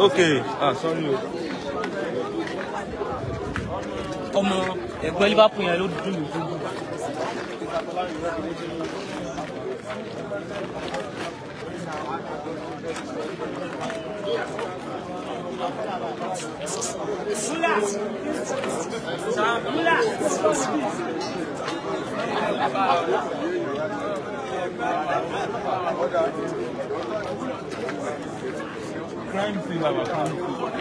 Okay. Ah, sorry ọmọ ẹ̀gbọ́n Liverpool yẹn ló dùn mí dùn. Crime scene, Baba, crime scene.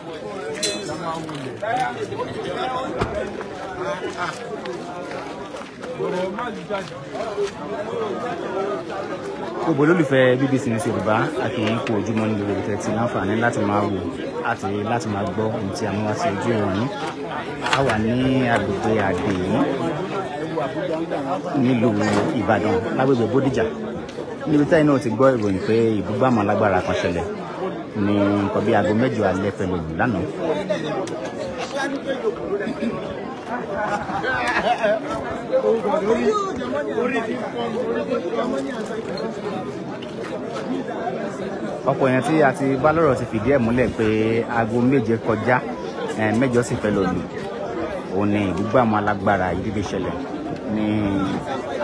gbogbo olólùfẹ́ BBC News Yorùbá àti ipò ojúmọ́ ní gbogbo ìtẹ̀ tí láǹfààní láti máa wò àti láti máa gbọ́ ohun tí a mú wá sí ojú ìròyìn a wà ní agbègbè àgbè yìí nílùú Ìbàdàn lágbègbè Bódìjà níbi táyì náà ti gbọ́ ìròyìn pé ìbúgbàmọ́ lágbára kan ṣẹlẹ̀ Ni nǹkan bí aago mẹ́jọ alẹ́ pẹ̀lú òòrùn lánàá. ọ̀pọ̀ èèyàn tí a ti bá lọ́rọ̀ ti fìdí ẹ̀ múlẹ̀ pé aago méje kọjá mẹ́jọ sì fẹ́ lòlù òun ni ìbúgbàmù alágbára ìdíje ṣẹlẹ̀ ní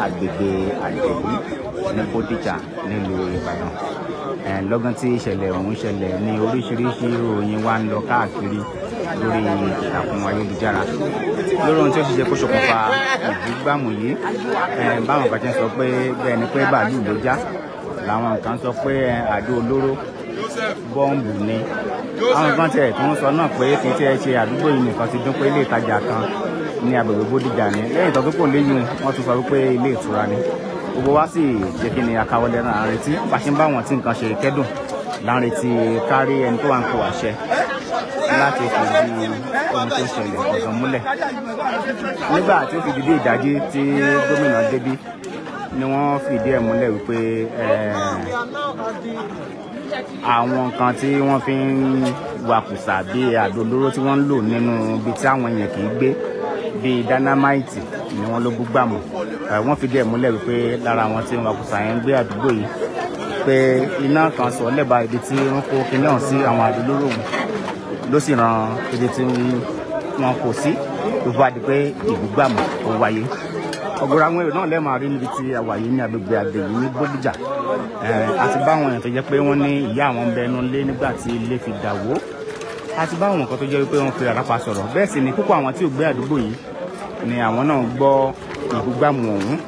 agbègbè àjẹ̀lú ní bódìjà nílùú ìbàdàn lọ́gán tí ìṣẹ̀lẹ̀ ọ̀hún ṣẹlẹ̀ ní oríṣiríṣi ìròyìn wa ń lọ káàkiri lórí ìtàkùn ayélujára lórí ohun tí ó ṣiṣẹ́ kó ṣokùnfà ìdígbàmù yìí báwọn kan ṣe ń sọ pé bẹ́ẹ̀ ni pé bàálù ló já làwọn kan sọ pé àdó olóró bọ́ǹbù ni àwọn kan tẹ̀ tó ń sọ náà pé kì í tẹ́ ṣe àdúgbò yìí nìkan ti dún pé ilé ìtajà kan ní agbègbè Bódìjà ni lẹ́yìn tó tó kò léyìn wọ́n tún sọ wípé ilé ìtura ni gbogbo wa sì jẹ́ kí ni akawọlẹ̀ náà àrètí pàṣẹ ń bá wọn tí nǹkan ṣe kẹ́dùn láǹretí kárí ẹni tó wà ń kó àṣẹ láti fìdí ohun tó ṣẹlẹ̀ ọ̀gán múlẹ̀ nígbà tí ó fi dìde ìdájí tí gómìnà débí ni wọ́n fìdí ẹ̀ múlẹ̀ wípé eh, àwọn nǹkan tí wọ́n fi ń wakùsà bíi àdó olóró tí wọ́n ń lò nínú ibi tí àwọn èèyàn kì í gbé bíi dynamite ni wọ́n ló búgbàmù wọ́n fìdí ẹ̀ múlẹ̀ wípé lára àwọn tí wọn kùsà yẹn ń gbé àdúgbò yìí pé iná kan sọ lẹ́bàá ibi tí wọ́n kó kinní ọ̀hún sí àwọn àdúgbò ló sì ran ibi tí wọ́n kò sí tó bá di pé ìbúgbàmù ó wáyé ọ̀gọ̀rọ̀ àwọn èrò náà lẹ́ẹ̀ máa níbi tí a wà yìí ní agbègbè àgbègbè ní Bódìjà àti báwọn èèyàn tó jẹ́ pé wọ́n ní ìyá àwọn ń bẹnu lé nígbà tí ilé fi dà wó a ti bá àwọn nǹkan tó jẹ́ wípé wọ́n fi rárá pa sọ̀rọ̀ bẹ́ẹ̀ sì ni púpọ̀ àwọn tí ò gbé àdúgbò yìí ni àwọn náà gbọ́ ìgbúgbàmù ọ̀hún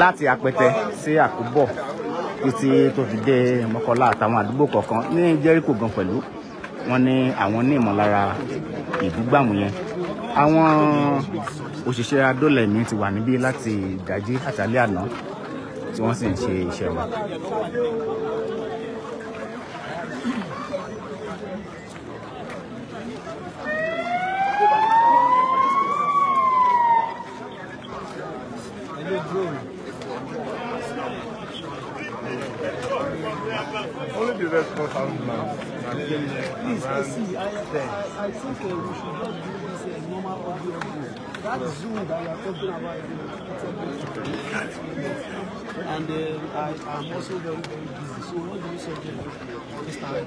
láti apẹtẹ sí àkúbọ̀ títí tó fi dé mọ́kọ́lá àtàwọn àdúgbò kọ̀ọ̀kan ní jẹ́ríkò gan pẹ̀lú wọn ní àwọn ní ìmọ̀lára ìgbúgbàmù yẹn àwọn òṣìṣẹ́ adólẹ̀mí ti wà níbí láti ìdájí àtàlẹ́ àná tí wọ́n sì ń ṣe iṣẹ́ Please, I see, I, I, think we should just do this uh, normal audio. That Zoom that we talking about is a And uh, I am also very, very busy. So what do you suggest this time?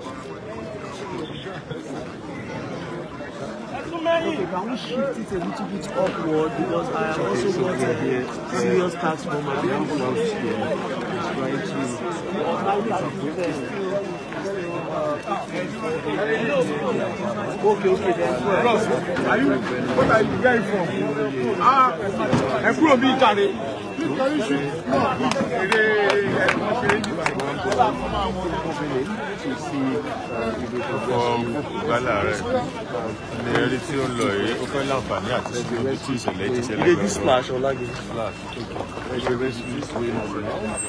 Okay, can we shift it a little bit upward because I have also got a serious task for my grandfather. Trying to. Okay, okay, then. Bros, are you, what are you guys from? Ah, ẹ kúrò bí ìtàrí. Please, can you shoot? No gbala rẹ ní eré tí ó ń lọ yìí ó fẹ́ láǹfààní àti síbi tí ìṣẹ̀lẹ̀ ti ṣẹlẹ̀ lọ́wọ́. splash ọlági. splash ẹgbẹ́ rẹ sí ìwé náà.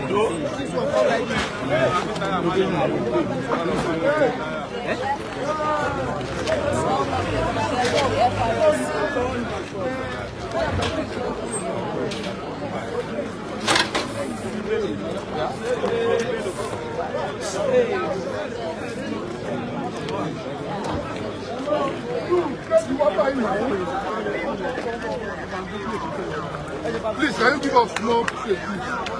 Thank you. Please, can you give us more, please?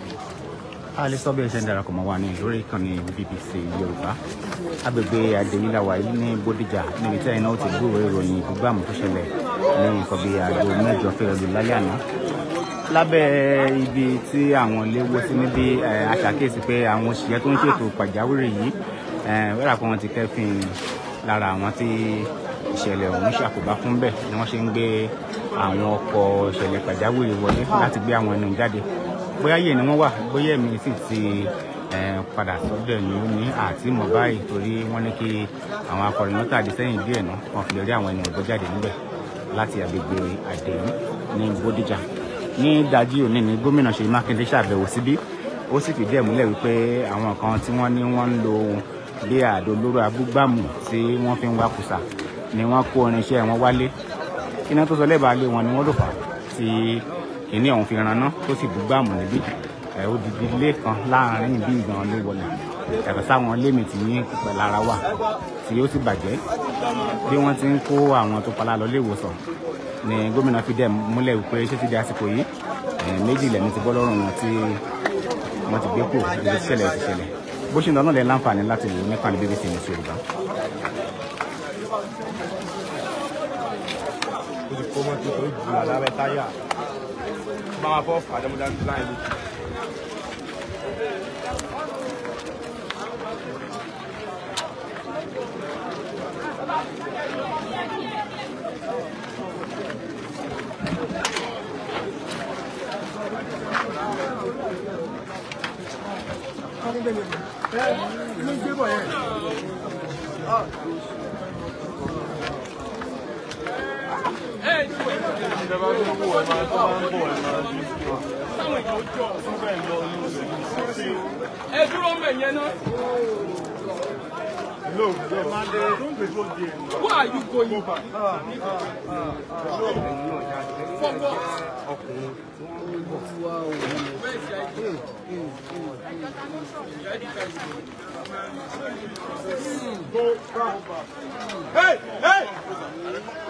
alice ọbẹ̀ ṣe ń darapọ̀ mọ́ wa ní lórí ìkànnì BBC Yorùbá agbègbè adéyíláwà yìí ní Bódìjà níbi tí ẹ̀yin náà ti gbúrò ìròyìn ìbúgbàmù tó ṣẹlẹ̀ ní nǹkan bíi aago mẹ́jọ fẹ́rẹ̀lú lálẹ́ àná lábẹ́ ibi tí àwọn léwó sí níbi aṣàkíyèsí pé àwọn òṣìṣẹ́ tó ń ṣètò pàjáwìrì yìí wẹ́rà pé ti kẹ́fìn lára àwọn tí ìṣẹ̀lẹ̀ ọ̀hún ṣàkóbá fún bẹ́ẹ̀ ni wọ́n ṣe ń gbé àwọn ọkọ̀ ìṣẹ̀lẹ̀ pàjáwìrì wọlé láti gbé àwọn ẹnu jáde bóyá yìí ni wọ́n wà bóyá èmi sì ti eh, padà sọ́dọ̀ ẹ̀yìn ní àti mọ̀ báyìí torí wọ́n ní kí àwọn akọrin náà tàbí sẹ́yìn díẹ̀ náà wọ́n fi lè àwọn ẹni ọ̀gbọ́n jáde níbẹ̀ láti agbègbè àdéhùn ní Bódìjà ní dájú òní ni gómìnà Ṣèyí Mákindé ṣàbẹ̀wò síbí ó sì fìdí ẹ̀ múlẹ̀ wípé àwọn kan tí wọ́n ní wọ́n ń lo bí àdó olóró abúgbàmù tí wọ́n fi ń wakùsà ni wọ́n kó irinṣẹ́ wọn wálé iná tó sọ lẹ́bàá lé wọn ni wọ́n lò fà tí kíní ọ̀hún fi raná tó sì búgbàmù níbí ẹ̀ odidi ilé kan láàrin bí ìgbọ̀n ló wọlé yàtọ̀ sáwọn lémi tí ní pẹ̀lára wà tí ó sì bàjẹ́ bí wọ́n ti ń kó àwọn tó palá lọ léwòsàn ni gómìnà fi dẹ̀ múlẹ̀ wípé ṣé ti di àsìkò yìí méjì lẹ́nu ti bọ́ lọ́rùn wọn tí wọ́n ti gbé kù ibi ṣẹlẹ̀ ti ṣẹlẹ̀ bó ṣe ń lọ náà lẹ́ láǹfààní láti wò nípa ní BBC News Yorùbá. ó ti kó mọ́tò tó jù alábẹ́ táyà máa bọ́ fà lọ́mọdé láì lójú. Thank you. ìjọba tó ń bọ̀ ẹ̀ máa tó máa ń bọ̀ ẹ̀ máa ní ìjọba. Táwọn èèyàn ó jọ fún bẹ́ẹ̀ lọ ní oṣù sí. Ẹ dúró mẹ́ yẹn náà. No, the man they don't be so dear. Where are you going? Over. Ah, ah, ah. For what? Ọkùnrin. Where is your ID? Your ID card is good. Go back. Hey! Hey!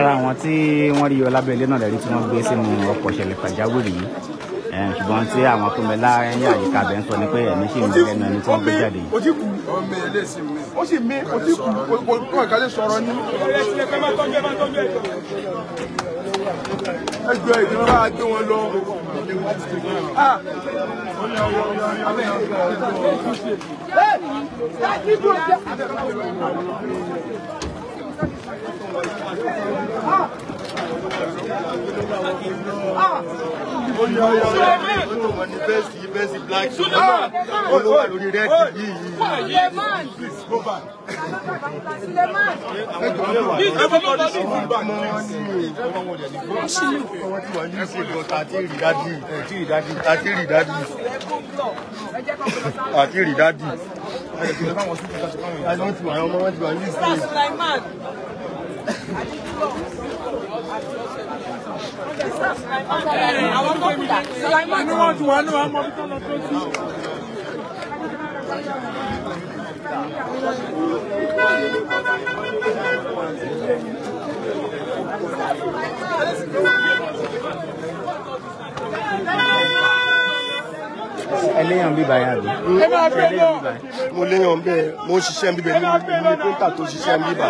ara àwọn tí wọ́n rí yọ lábẹ́ ilé náà lẹ́rí tí wọ́n gbé sínú ọkọ̀ ìṣẹ̀lẹ̀ pàjáwìrì yìí ṣùgbọ́n tí àwọn tó mẹ láàrin àyíká bẹ̀ ń sọ ni pé ẹ̀mí sì ń bẹ lẹ́nu ẹni tó ń gbé jáde. ó sì mí ó ti kú kó ẹ̀ka lè sọ̀rọ̀ ní. ẹ jọ ìjọba bá gbé wọn lọ. Thank you. Ah! Oh olùwà ní bẹ́ẹ̀sì yìí bẹ́ẹ̀sì black yìí olùwà lórí red yìí yìí go back. everybody should go back. ọwọ́ tí wàá yí sí ìgbọ́ tàtí rí dádì tàtí rí dádì tàtí rí dádì tàtí rí dádì. àwọn ọmọ wọn ti wà yí sí àwọn tó kù dà. Sulaiman ni wọ́n ti wà ní àmọ́ bí tọ́lọ tó sí. Thank you ẹlẹ́yàn bíbá yà bí. mo léyàn bẹ́ẹ̀ mo ń ṣiṣẹ́ bíbẹ̀ ní kóńtà tó ṣiṣẹ́ bíbá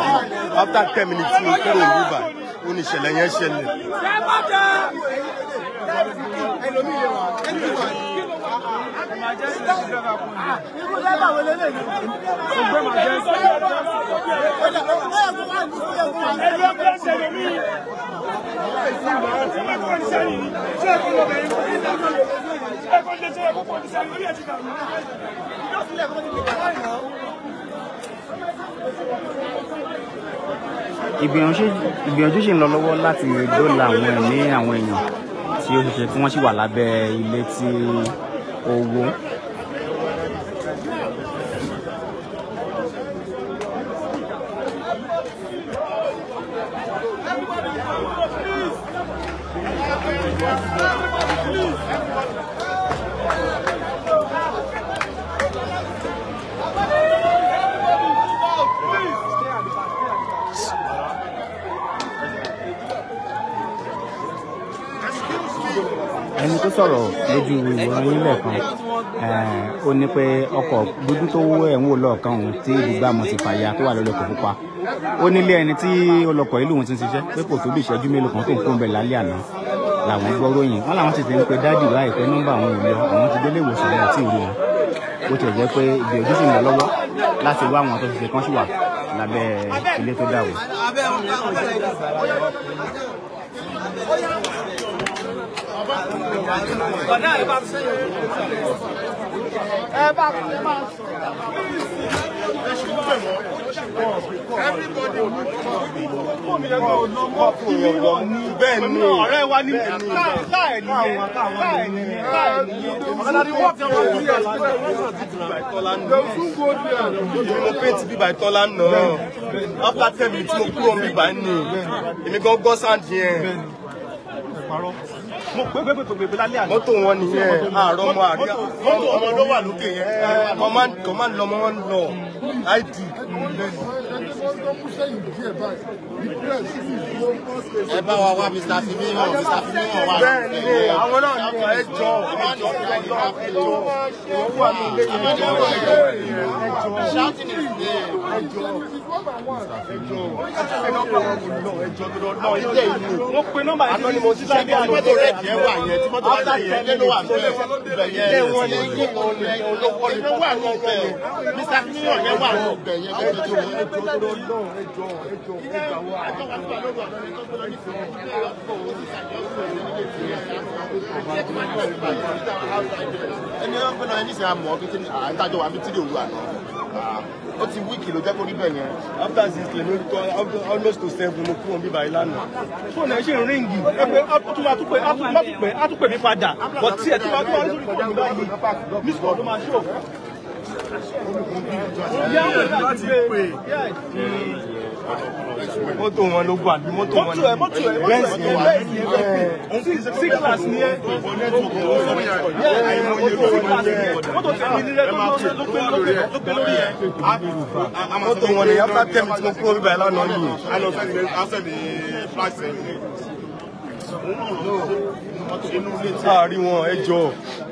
after ten minutes mo kúrò bíbá ó ní ìṣẹ̀lẹ̀ yẹn ṣẹlẹ̀. Irú lẹ́bà wo lélẹ̀ ni? Ògbé màá jẹ́ sí. Ẹ̀rọ ọgbẹ́ ṣẹlẹ̀ mí. Ṣé kò ní sẹ́yìn ni? Ṣé kò lọ bẹ̀rẹ̀ kò ní sẹ́yìn ni? ìgbìyànjú ṣì ń lọ lọ́wọ́ láti dóòlà àwọn ẹ̀mí àwọn èèyàn tí ó ṣe ṣe wọ́n sì wà lábẹ́ ilé tí owó. Everybody, please! Everybody, please! ẹni tó sọ̀rọ̀ lójú ìwòran yín lẹ́ẹ̀kan eh, ó ní pé ọkọ̀ dúdú tó wọ ẹ̀ ń wò lọ́ọ̀kan òun tí ìdúgbàmù ti fàyà tó wà lọ́lọ́kọ̀ pupa ó nílé ẹni tí ọlọ́kọ̀ ìlú òun ti ń ṣiṣẹ́ pé kò tó bí ìṣẹ́jú mélòó kan tó ń kó ń bẹ̀ lálẹ́ àná làwọn gbọ́ ròyìn wọn làwọn sì ti ń pe dájú láìpẹ́ nọ́mbà àwọn èèyàn àwọn ti délé ìwòsàn náà tí ì rí wọn ó ti jẹ́ pé ìgbìyànjú sì ń lọ lọ́wọ́ láti wá àwọn tó ti ṣe kán sì wà lábẹ́ ilé tó dà wò. Bàdá ẹ bá ń sẹ́yìn ẹ bá ń sẹ́yìn máa sọ. Everybody bẹ́ẹ̀ ni ọ̀rẹ́ wa ní láì ní láì ní láì ní ọ̀gádàdì wọ́n ti ọmọ ìlú yẹn mo pé ti bí by tọ́lá náà after ten minutes mo kúrò ń bí by ní èmi gan gọ́sàn díẹ̀ mo pé pé pé pé lálẹ́ àná. mọ́tò wọn nìyẹn àárọ̀ mọ àríyá. mọ́tò ọmọ ló wà lókè yẹn. kọ́má kọ́má lọ́mọ wọn lọ id ó kú sẹ́yìn díẹ̀ báyìí ìpínlẹ̀ sí ìdúró. ẹ bá wa wá Mr. Fimihàn Mr. Fimihàn wá. bẹ́ẹ̀ni àwọn náà ní ẹjọ́ ẹjọ́ ẹjọ́ wọ́n wà ní ilé yẹn ẹjọ́ ẹjọ́ ṣáàtìní ìdílé ẹjọ́ ẹjọ́ ẹjọ́ ẹjọ́ ilé ìlú. wọ́n pe nọ́mbà yìí lórí mo ṣiṣẹ́ bí àná tó rẹ̀ díẹ̀ wà yẹn tí mọ́tò wá sí yẹn lé ló wà bẹ́ẹ̀ bẹ́ẹ̀ wọ́n ní kí wọ́n ní olówó ní wà ní ọ̀gbẹ̀ yẹn Mr. Fimihàn yẹn wà ní ọ̀gbẹ̀ yẹn bẹ́ẹ̀ tó rẹ̀ ẹjọ́ ẹjọ́ ẹjọ́ ẹjọ́ ẹjọ́ wa ẹjọ́ wa tó lọ́wọ́ àwọn ẹni tó gbọ́dọ̀ ní fún un ní ọkọ̀ owó sísà jọ fún ẹni nílé tí ẹ ẹni ọ̀rọ̀ fún ẹni nísìnyí àmọ́ kí n tàjọ wà bí tí lè wù àná ah, ó ti wíìkì ló jẹ́ kó rí bẹ̀ yẹn after six lè lórí tó almost to seven ló kúrò bíbá ìlànà. fóònù ẹ ṣe ń ríngì ẹ pé tún máa tún pé á tún pé á tún pé mi padà bọ̀ tí ẹ tún máa tún wá lórí fóònù báyìí miss call ló máa ṣó mọ́tò wọn ló gbà bí mọ́tò wọn ló gbà bẹ́ẹ̀sì ni wà six class ni ẹ mọ́tò tẹ̀mí nílẹ̀ ló gbé lórí ẹ mọ́tò wọn ni after ten tí mo kúrò bíbá ẹ lánàá yìí. a eh, eh. rí wọn ẹ jọ.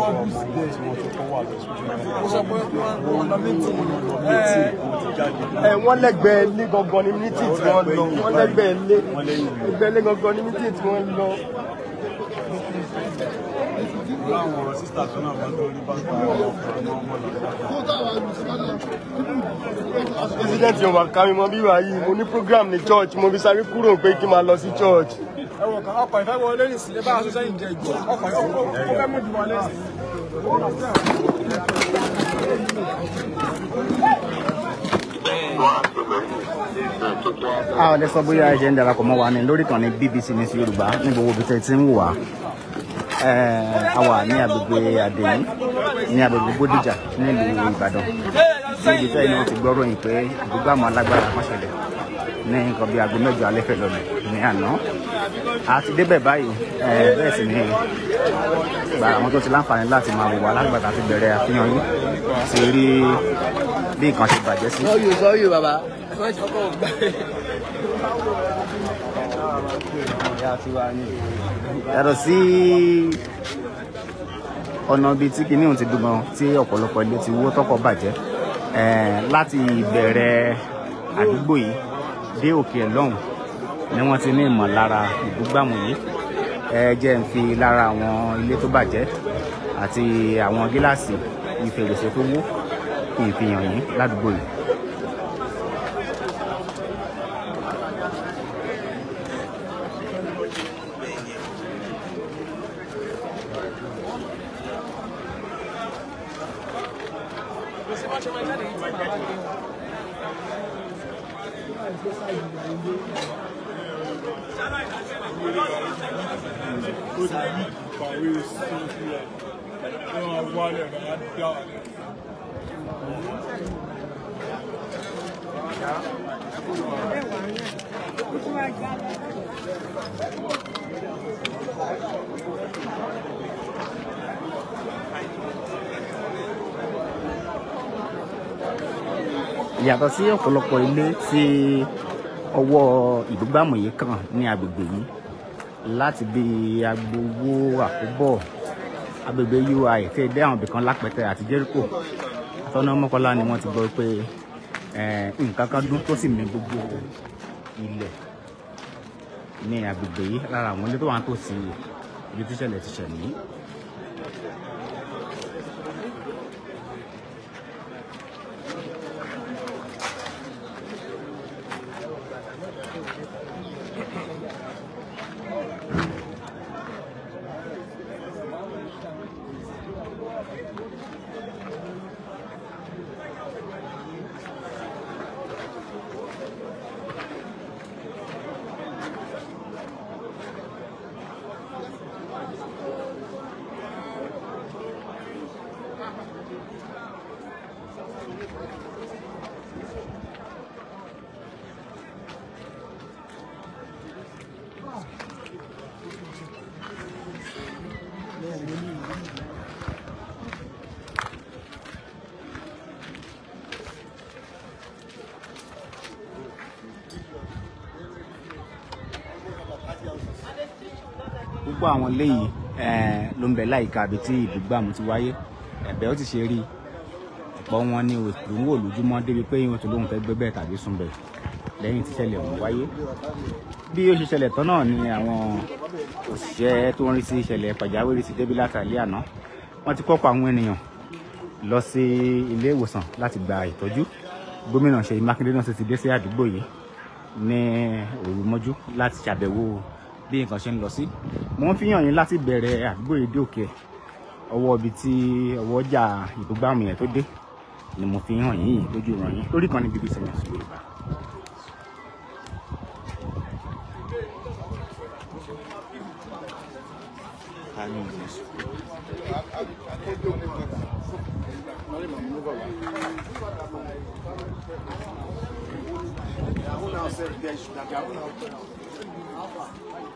rọ́bùsì díẹ̀ tí wọ́n ti kọ́ wà lọ́sọ̀rọ̀. mo sọ pé wọ́n lọ mítì ẹ wọ́n lẹ́gbẹ̀ẹ́ lé gangan ní mítì tí wọ́n lọ wọ́n lẹ́gbẹ̀ẹ́ lé ẹgbẹ́ lé gangan ní mítì tí wọ́n lọ. láwọn sísá tó náà máa ń tó ní báńkì àwọn ọmọ náà. president yorùbá kárí mọ bí wàá yìí mo ní program ní church mo fi sáré kúrò pé kí n máa lọ sí church ẹwọ kan ọkọ̀ ìfẹ́ wọlé nìsí lé bá aṣọ sẹ́yìn jẹ ìgbò ọkọ̀ ìfẹ́ mú jù wọlé sí. a ò lè sọ bóyá ẹ ṣe ń darapọ̀ mọ́ wa ni lórí kan ní BBC News Yorùbá ní gbogbo ibi tẹ́ ti ń wò a wà ní agbègbè àdéhùn ní agbègbè Bódìjà nílùú Ìbàdàn tí ibi tẹ́ iná ti gbọ́rọ̀ yìí pé ìdúgbò àwọn alágbára kan ṣẹlẹ̀ ní nǹkan bíi aago mẹ́jọ alẹ́ fẹ́ lọ́nà ní àná a ti débẹ̀ báyìí bẹ́ẹ̀ sì ni gba àwọn tó ti láǹfààní láti máa wò wá látìgbà tá a ti bẹ̀rẹ̀ àfihàn yín ti rí bí nǹkan ṣe bàjẹ́ sí. sọ́yù sọ́yù bàbá yàtọ̀ sí ọ̀nà bíi tí kinní òun ti dùn tí ọ̀pọ̀lọpọ̀ ilé ti wó tọkọ bàjẹ́ láti ìbẹ̀rẹ̀ àdúgbò yìí dé òkè ẹ̀ lọ́hùn ni wọ́n ti ní ìmọ̀lára ìbúgbàmù yìí ẹ jẹ́ ń fi lára àwọn ilé tó bàjẹ́ àti àwọn gíláàsì ìfèrèsé tó wó kí n ládùúgbò yìí. sí ọ̀pọ̀lọpọ̀ ilé tí ọwọ́ ìbúgbàmù yìí kàn ní agbègbè yìí láti bí agbowó àkóbọ̀ agbègbè UI tí ẹ àwọn ibìkan lápẹtẹ àti Jericho àtọ́nà mọ́kànlá ni wọ́n ti gbọ́ pé nǹkan kan dún tó sì mì gbogbo ilẹ̀ ní agbègbè yìí lára àwọn ilé tó wà nítòsí ibi tíṣẹ̀lẹ̀ ti ṣẹ̀ nìyí. pọ̀ àwọn léyìí eh, ló ń bẹ láìka àbí tí ìdúgbàmù ti wáyé ẹ̀bẹ̀ ó ti ṣe rí ọ̀pọ̀ wọn ní òṣèlú wò lójúmọ́ débi pé ìwọ̀n tó lóun fẹ́ gbé bẹ́ẹ̀ tàbí sùn bẹ́ẹ̀ lẹ́yìn tí ṣẹlẹ̀ ọ̀hún wáyé bí ó ṣe ṣẹlẹ̀ tán náà ni àwọn òṣìṣẹ́ tó ń rí sí ìṣẹ̀lẹ̀ pàjáwìrì ti débi látàlẹ́ àná wọ́n ti kọ́kọ́ àwọn ènìyàn lọ sí ilé ìwòsàn láti gba ìtọ́jú gómìnà Ṣèyí Mákindé náà sì ti dé sí àdúgbò yìí ní òru mọ́jú láti ṣàbẹ̀wò bí nǹkan ṣe ń lọ sí mo ń fi hàn yín láti bẹ̀rẹ̀ àdúgbò èdè òkè ọwọ́ ibi tí ọwọ́ ọjà ìdúgbàmù yẹn tó dé ni mo fi hàn yín lójú ìran yín lórí kan ní BBC News Yorùbá. Thank you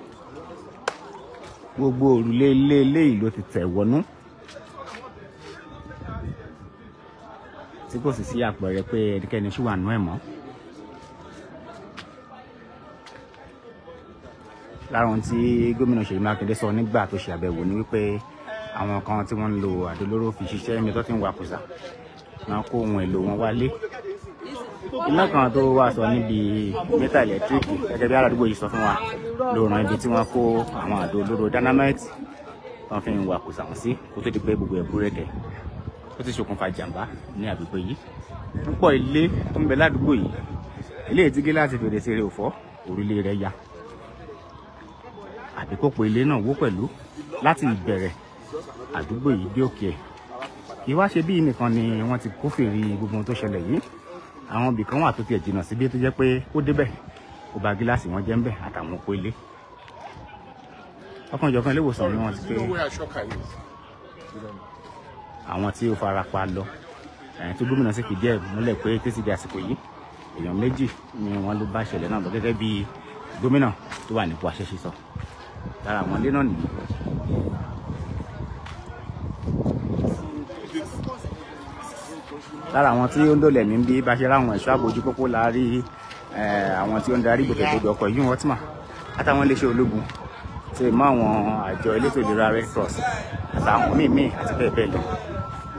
gbogbo òrùlé ilé eléyìí ló ti tẹ̀ wọnú tí kò sì sí àpẹẹrẹ pé ẹnikẹ́ni ṣì wà nú ẹ̀ mọ́. lára ohun tí gómìnà Ṣèyí Mákindé sọ nígbà tó ṣe àbẹ̀wò ni wípé àwọn kan tí wọ́n ń lo àdólóró fi ṣiṣẹ́ mi tó ti ń wakùsà máa kó ohun èlò wọn wálé iná kan tó wà sọ níbi mẹ́ta ẹ̀lẹ́tíríkì bí aládùúgbò yìí sọ fún wa ló ibi tí wọ́n kó àwọn àdó olóró dynamite wọ́n fi ń wà kò sàwọn sí kó tó di pé gbogbo ẹ̀kú rẹ̀ dẹ̀ ó ti ṣokùnfà jàǹbá ní àgbègbè yìí púpọ̀ ilé tó ń bẹ ládùúgbò yìí ilé ìtígé láti fèrèsé rẹ̀ òfọ́ òrùlé rẹ̀ ya àbíkópo ilé náà wó pẹ̀lú láti ìbẹ̀rẹ̀ àdúgbò yìí dé òkè ẹ̀ kí wá ṣe bí nìkan ni wọ́n ti kófìrí gbogbo ohun tó ṣẹlẹ̀ yìí àwọn ibì kan wà tó tiẹ̀ jìnnà síbi tó jẹ́ pé ó débẹ̀ ó ba gíláàsì wọn jẹ́ ń bẹ̀ àtàwọn oko ilé ọkàn ìjọkan ilé ìwòsàn ni wọ́n ti pé àwọn tí ó fara pa lọ ẹ̀yìn tó gómìnà sì fìdí ẹ̀ múlẹ̀ pé títí di àsìkò yìí èèyàn méjì ni wọ́n ló bá ìṣẹ̀lẹ̀ náà lọ gẹ́gẹ́ bí gómìnà tó wà nípò àṣẹ sọ lára àwọn ilé náà nìyí lára àwọn tí ó ń dòlẹ̀ mí bí bá ṣe ráwọn ẹ̀ṣọ́ àbójú pópó láàrí àwọn tí ó ń darí gbòkègbodò ọkọ̀ yìí wọ́n tìmà àtàwọn iléeṣẹ́ ológun ti mọ àwọn àjọ elétò ìlera red cross àtàwọn míì míì àti bẹ́ẹ̀ bẹ́ẹ̀ lọ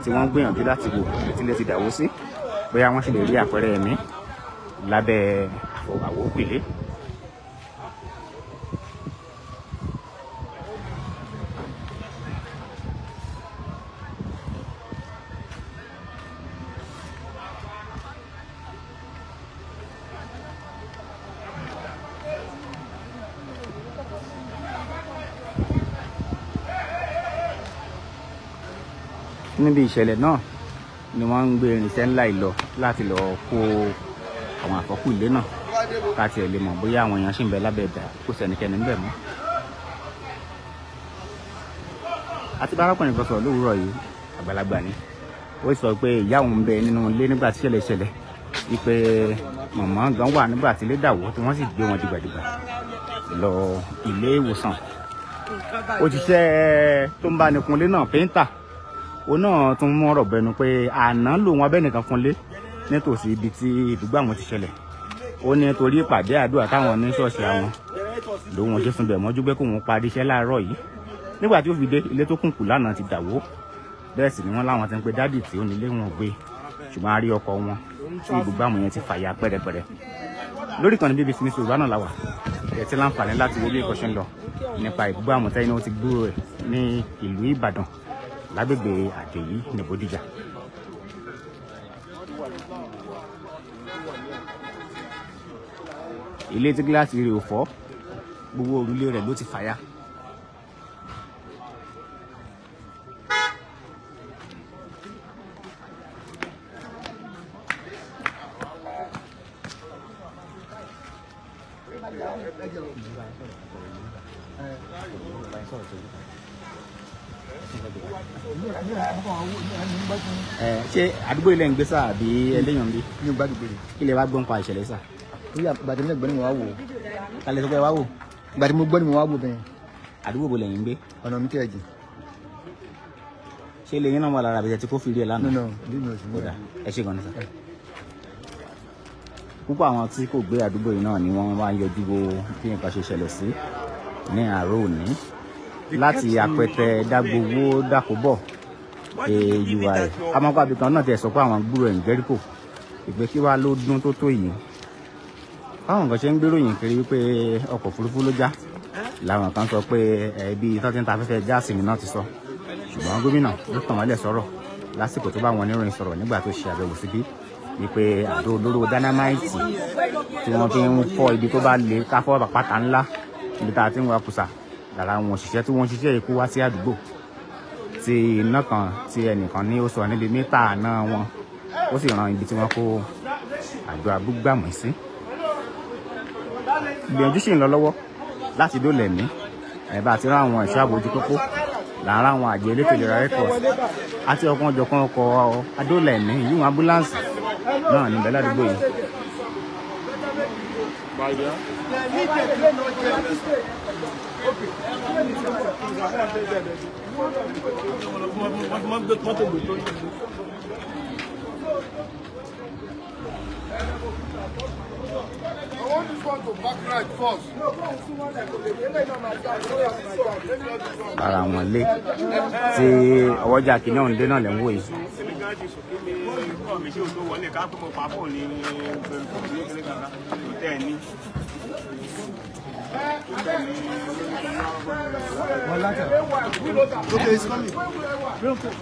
tí wọ́n gbìyànjú láti wò tí lè ti dàwó sí bóyá wọ́n sì lè rí àpẹẹrẹ ẹ̀mí lábẹ́ àwòpìlẹ̀ níbi ìṣẹ̀lẹ̀ náà ni wọ́n ń gbé irinṣẹ́ ńlá ìlọ láti lọ kó àwọn àfọ́kù ilé náà láti ẹ̀ lè mọ̀ bóyá àwọn èèyàn ṣì ń bẹ lábẹ́ ẹ̀dá kò sẹ́nikẹ́ni ń bẹ mọ́. àti bárakùnrin kan sọ̀rọ̀ lówùúrọ̀ yìí àgbàlagbà ni ó sọ pé ìyá òun ń bẹ nínú ilé nígbà tí ìṣẹ̀lẹ̀ ìṣẹ̀lẹ̀ wípé mọ̀mọ́ gan wà nígbà tí ilé dàwọ́ tí wọ́n sì gbé wọn dìgbàdìgbà lọ ilé ìwòsàn òṣìṣẹ́ tó ń bá nìkunlé náà péńtà òun náà tún mọ̀rọ̀ bẹnu pé àná lòun abẹ́nìkan fúnlé nítòsí ibi tí ìdúgbò àwọn ti ṣẹlẹ̀ ó ní torí ìpàdé àdúrà táwọn ní ṣọ́ọ̀ṣì àwọn lòun ṣe sùn bẹ̀ mọ́jú pé kóun parí iṣẹ́ láàárọ̀ yìí nígbà tí ó fi dé ilé tó kùnkùn lánàá ti dàwó bẹ́ẹ̀ sì ni wọ́n láwọn ti ń pe dádì tí ó nílé wọn gbé ṣùgbọ́n a rí ọkọ̀ wọn tí ìdúgbò àwọn yẹn ti fàyà pẹ́rẹpẹ́rẹ lórí ìkànnì BBC News Yorùbá náà la wà ẹ ti láǹfààní láti wo bí ìkọ̀ṣẹ́ ń lọ nípa ìdúgbò àwọn tẹ́yìn náà ti gbúrò ẹ̀ ní ìlú Ìbàdàn lágbègbè àjèyí ní bódìjà. ilé tí gíláàsì rẹ̀ ò fọ́ gbogbo òrùlé rẹ̀ ló ti fàya. Thank you ẹ ṣé àdúgbò ilẹ̀ ń gbé sáà àbí ẹlẹ́yàn bí. mi ò gbàdúgbò rẹ̀. ilẹ̀ wa gbọ́n pa ìṣẹ̀lẹ̀ sà. torí àgbàdo mi gbọ́ ni mo wá wò. kálẹ̀ tó pẹ́ wá wò. gbàdí mo gbọ́ ni mo wá wò bẹ́ẹ̀. àdúgbò bo lẹ́yìn gbé. ọ̀nà mi tẹ̀ jì. ṣé ilé yín náà wà lára àbẹ̀tẹ̀ tí kò fi rí ẹ lánàá. nínú bí mi ò sì mọ̀ ẹ ṣe gan-an sà púpọ̀ àwọn tí kò gbé àdúgbò yìí náà ni wọ́n wá yọjú wo bí nǹkan láti àpẹtẹ dágbowó dàkóbọ̀ ui amọ́kọ́ abìkan náà ti sọ pé àwọn gbúrò ẹ̀ ń jẹ́ríkò ìgbé kí wàá ló dún tó tó yìí báwọn kan ṣe ń gbéròyìn kiri wípé ọkọ̀ òfurufú ló já làwọn kan sọ pé ẹbí tọ́tí ń ta afẹ́fẹ́ gáàsì mi náà ti sọ ṣùgbọ́n gómìnà ló tàn wọ́n lẹ̀ sọ̀rọ̀ lásìkò tó bá wọn oníròyìn sọ̀rọ̀ nígbà tó ṣe àbẹ̀wò síbí wípé àdó olóró dánámáìtì tí wọ́n fi ń fọ́ ibi tó bá le káfọ́ pàpàtà ńlá ibi tá ń wa kùsà lára àwọn òṣìṣẹ́ tí wọ́n ń ṣiṣẹ́ ikú wá sí àdúgbò tí iná kan tí ẹnìkan ní ó sọ níbi mítà náà wọn ó sì ran ibi tí wọ́n kó àjọ abúgbàmù sí ìgbìyànjú sì ń lọ lọ́wọ́ láti dóòlà ẹ̀mí ẹ̀bá àti ráwọn ẹ̀ṣọ́ àbójú pópó láàárá àwọn àjọ elétò ìlera records àti ọ̀kan ọ̀jọ̀kan ọkọ̀ adóòlà ẹ̀mí yíwọn ambulance náà níbẹ̀ ládùúgbò yìí. Bye, yeah. I want this one to back right first. Ara wọn lé tí ọwọ́jà kìíní ọ̀hún dé náà lẹ́ ń wò yìí. Kọ́ mi ṣe òtó wọlé ká pé mo pa fóònù ní ọ̀tẹ̀ ní. Okay, it's coming. Real quick.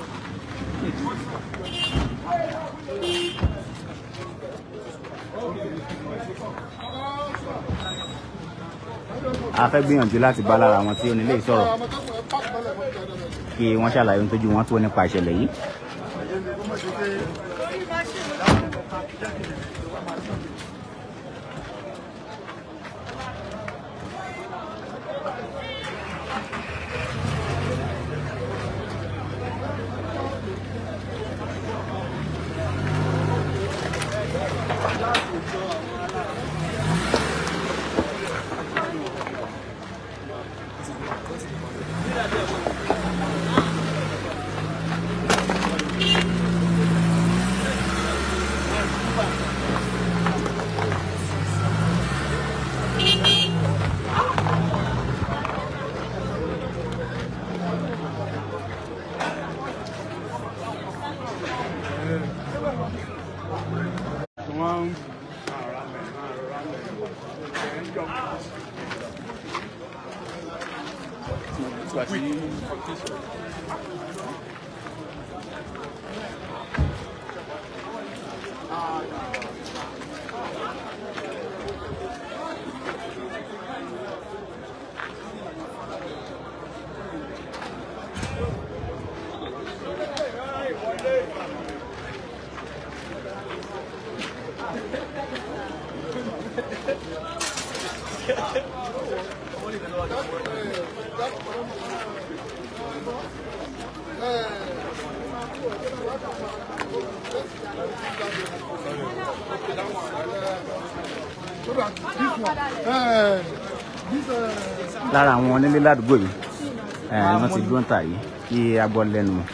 a fẹ́ gbìyànjú láti bá lára àwọn tí onílé sọ̀rọ̀ kí wọ́n ṣàlàyé ohun tójú wọn tó nípa ìṣẹ̀lẹ̀ yìí. àwọn nílé ládùúgbò yìí ẹ̀ wọ́n ti dúró ń tà yìí kí agbọ́ lẹ́nu mọ́.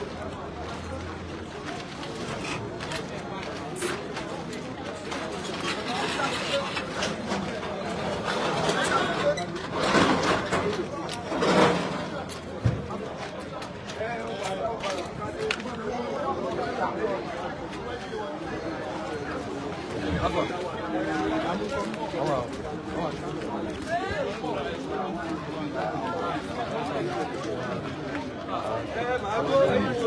Okay.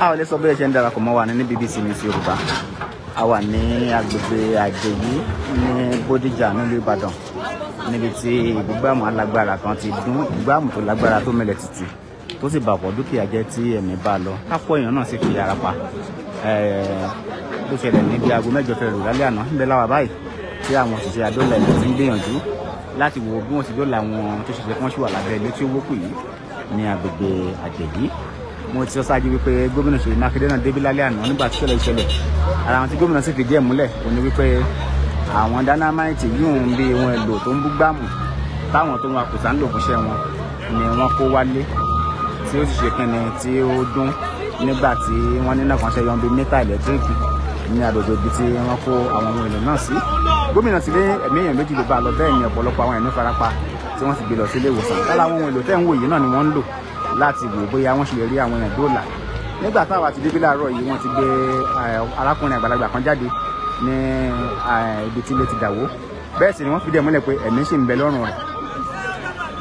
a ò lè sọ bí ẹ ṣe ń darapọ̀ mọ́ wa ní BBC News Yorùbá a wà ní agbègbè àjèyí ní Bódìjà nílùú Ìbàdàn níbi tí ìbúgbàmù alágbára kan ti dún ìbúgbàmù tó lágbára tó mẹlẹ̀ títì tó sì bàpọ̀ dúkìá jẹ́ tí ẹ̀mí bá lọ kápọ̀ èèyàn náà sì fi ara pa ló ṣẹlẹ̀ níbi aago mẹ́jọ fẹ́ rò lálẹ́ àná níbẹ̀ láwa báyìí tí àwọn òṣìṣẹ́ adóòlà ẹ̀mí ti ń gbìyànjú láti wo bí wọ́n ti dóòlà àwọn tó ṣẹ̀ṣẹ̀ kán ṣì wà lábẹ́ ilé tí ó wó kù yìí ní agbègbè àjẹ̀yí mo ti sọ ṣáájú wípé gómìnà ṣèyí mákindé náà débí lálẹ́ àná nígbà tí ṣẹlẹ̀ ìṣẹ̀lẹ̀ ara àwọn tí gómìnà sì fìdí ẹ̀ múlẹ̀ òun ni wípé àwọn dánámáìtì yóò ń bí ohun èlò tó ń bú gbàmù táwọn tó ń wa kùsà ń lò fúnṣẹ́ wọn ni wọ́n kó wálé tí ó sì ṣe pinni tí ó dún nígbà tí wọ́n ní náà kan ṣe yọ̀ǹbi mítà ẹ̀lẹ́tíríkì ní agbègbè ibi tí wọ́n kó àwọn ohun èlò náà sí gómìnà ti lé ẹ̀mí èèyàn méjì ló bá lọ bẹ́ẹ̀ ni ọ̀pọ̀lọpọ̀ àwọn ẹ̀mí farapa tí wọ́n sì gbé lọ sí ilé ìwòsàn lára àwọn ohun èlò tẹ́ ń wò yìí náà ni wọ́n ń lò láti wò bóyá wọ́n ṣe lè rí àwọn èèyàn dóòlà nígbà táwa ti débí láàárọ̀ yìí wọ́n ti gbé arákùnrin àgbàlagbà kan jáde ní ibi tí ilé ti dàwó bẹ́ẹ̀ sì ni wọ́n fi dẹ̀ múlẹ̀ pé ẹ̀mí ṣì ń bẹ lọ́rùn rẹ̀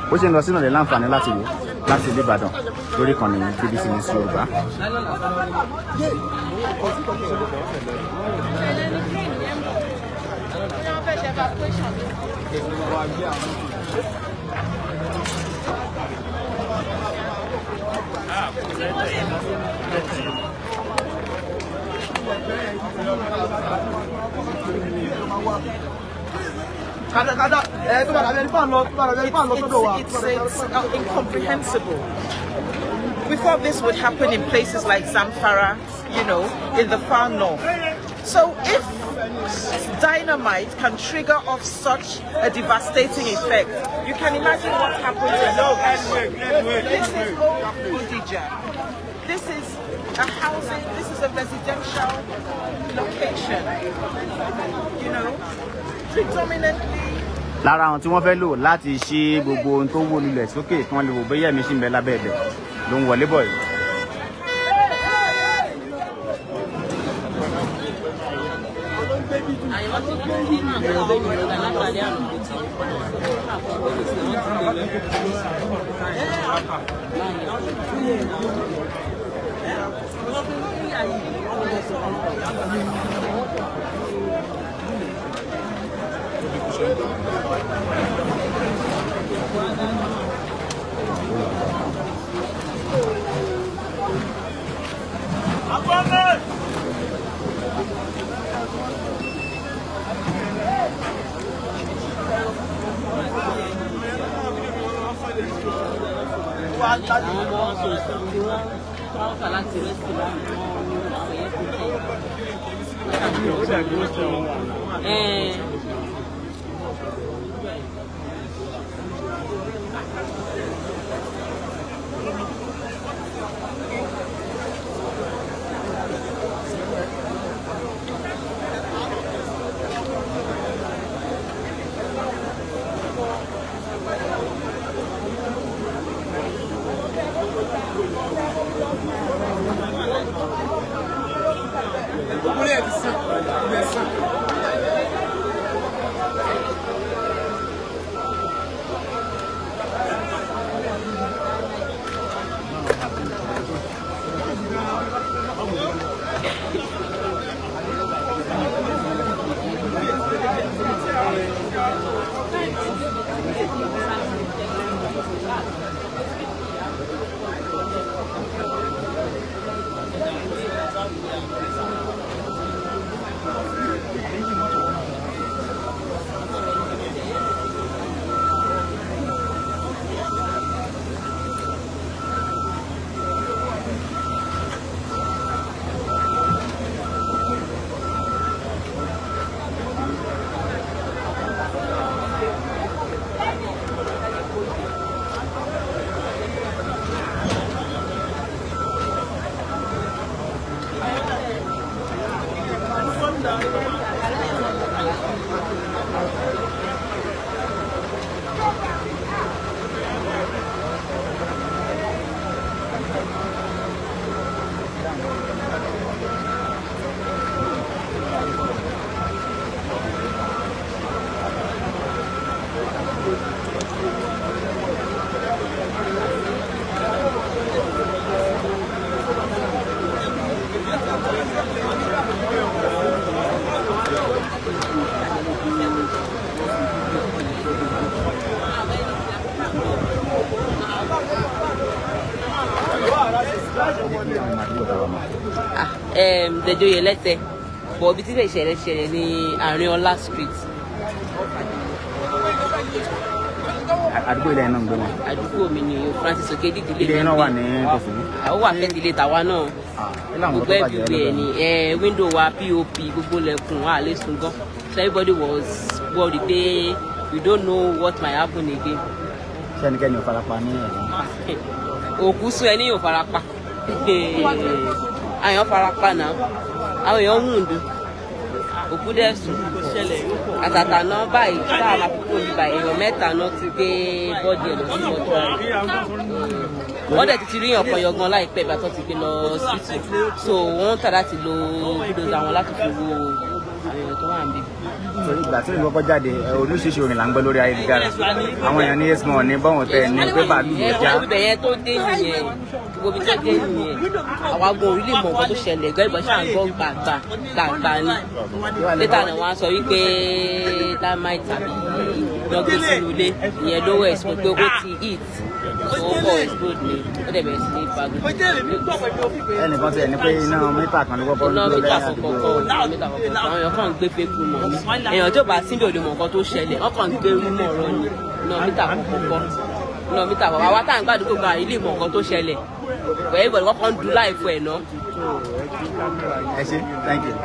bó ṣe ń lọ sínú rẹ̀ láǹfààní láti wò láti ilé Ìbàdàn lórí ìkànnì BBC News Yorùbá. Thank you. It's, incomprehensible. We thought this would happen in places like Zamfara, you know, in the far north. So if dynamite can trigger off such a devastating effect, you can imagine what happened in This is Odija. This is a housing, this is a residential location. You know, predominantly lára àwọn tí wọ́n fẹ́ lò láti ṣe gbogbo ohun tó wó lulẹ̀ sókè tí wọ́n lè wò bóyá èmi ṣì ń bẹ lábẹ́ ẹ̀bẹ̀ ló ń wọlé bọ̀ Abundance! wá láti ìlú wọn sọ ìṣòro ni wọn wá ọkà láti rẹsì láàmú wọn ní ìwà ẹ̀kọ́. ó dàgbé ó ṣe wọn wà náà. Mulher de santo, mulher de santo. Um, ah, dẹjọyè lẹtẹ bọ ibi tí ìṣẹ̀lẹ̀ ṣẹlẹ̀ ní àárín ọlá street. àdúgbò ilẹ̀ náà ń gbé wọn. àdúgbò mi ni o Francis Okedi ìdílé mi. ilé náà wà ní kòsìbí. Ah, ó wà fẹ́ẹ́ ilé tàwa náà. Ah, gbogbo ẹ̀dùgbò ẹ̀ ni eh, Window wa pop gbogbo lẹ́kùn wa àlẹ́ sùn gan so everybody was worried pé we don't know what might happen again. ṣé ẹnikẹ́ni ò farapa ní ẹ̀rín. òkú sún ẹ ní ò farapa àyàn farapa náà àwọn èèyàn wùndú òkú dẹ̀ sùn àtàtà náà báyìí tá a máa kúkú níbà èèyàn mẹ́ta náà ti gbé bọ́ọ̀dì ẹ̀ lọ sí mọ́túárì hmm. wọ́n dẹ̀ ti ti ríyàn kan yọgan láìpẹ́ ìgbà ti gbé lọ sí tù so wọ́n tàdá ti lo kúlóòdù àwọn láti fi wo èrò tó wà níbí. jáde oníṣiṣẹ́ orin là ń gbọ́ lórí ayélujára àwọn èèyàn ní yes mọ̀ ní bọ́wọ̀n tẹ ní pépà mi ò já. ẹ̀wọ̀n ibẹ̀ tó dé nìyẹn gbogbo tó dé nìyẹn àwa gan orílẹ̀ mọ̀ nǹkan tó ṣẹlẹ̀ gbọ́ ìbọn ṣáà gbọ́ gbàgbà gbàgbà ni. lẹ́tà náà wọ́n á sọ wípé dynamite àbí lọ́gbé sínú ilé ìyẹn lówó ẹ̀sùn pé ó ti hit ọwọ́ explode ni ó dẹ̀ bẹ̀rẹ̀ sí ní ipa gbogbo. ẹnìkan ti ẹni pé iná mítà kan ló wọ́pọ̀ ní lórí àdúgbò rẹ̀. iná mítà kọ̀ọ̀kan àwọn èèyàn kàn gbé fẹ́kù mọ̀ ní èèyàn tó bá síbi òdìmọ̀ kan tó ṣẹlẹ̀ wọ́n kàn gbé rúmọ̀ ọ̀rọ̀ ni iná mítà kọ̀ọ̀kan iná mítà kọ̀ọ̀kan àwa tá à ń gbàdúgbò gba ilé ìmọ̀ kan tó ṣẹlẹ̀ pẹ̀lú ìbọ̀dùn kọ̀ọ̀kan dùn láìpẹ́ ẹ̀ náà. ẹ ṣe thank you.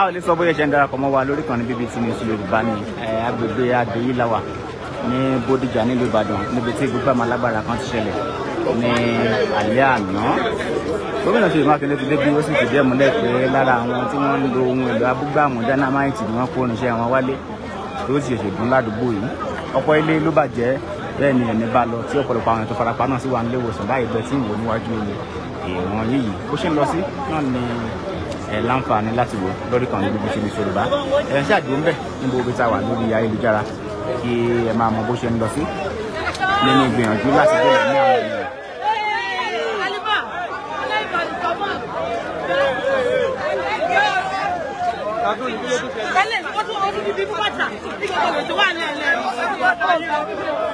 a ò lè sọ bóyá ẹ̀ṣẹ̀ ń darapọ̀ mọ́ wa lórí kan ní BBC News Yorùbá ní agbègbè àgbèyí làwà ní Bódìjà nílùú Ìbàdàn níbi tí gbogbo àwọn alágbára kan ti ṣẹlẹ̀ ní alẹ́ àná gómìnà Ṣèyí Mákindé ti débi ó sì fìdí ẹ̀ múlẹ̀ pé lára àwọn tí wọ́n ń lo ohun èlò abúgbàmù dánámáìtì ni wọ́n kó irinṣẹ́ wọn wálé tó sì ṣèṣe dún ládùúgbò yìí ọ̀pọ̀ ilé ló bàjẹ́ bẹ́ẹ̀ ni ẹ̀mí bá lọ tí ọ̀pọ̀lọpọ̀ àwọn ètò farapa náà sì wà nílé ìwòsàn báyìí bẹ́ẹ̀ tí ń wò níwájú ìwọ̀n yìí bó ṣe ń lọ sí náà ni ẹ láǹfààní láti wò lórí kan níbi tí ní Yorùbá ẹ ṣe àdúró ń bẹ níbo ibi tá a wà lórí ayélujára kí ẹ máa mọ bó ṣe ń lọ sí nínú ìgbìyànjú láti dé ní àwọn ènìyàn. Tẹ́lẹ̀, ó ọdún bíbí fún bàtà, ìgbàgbọ́ tó wà ní ẹ̀lẹ́rìí.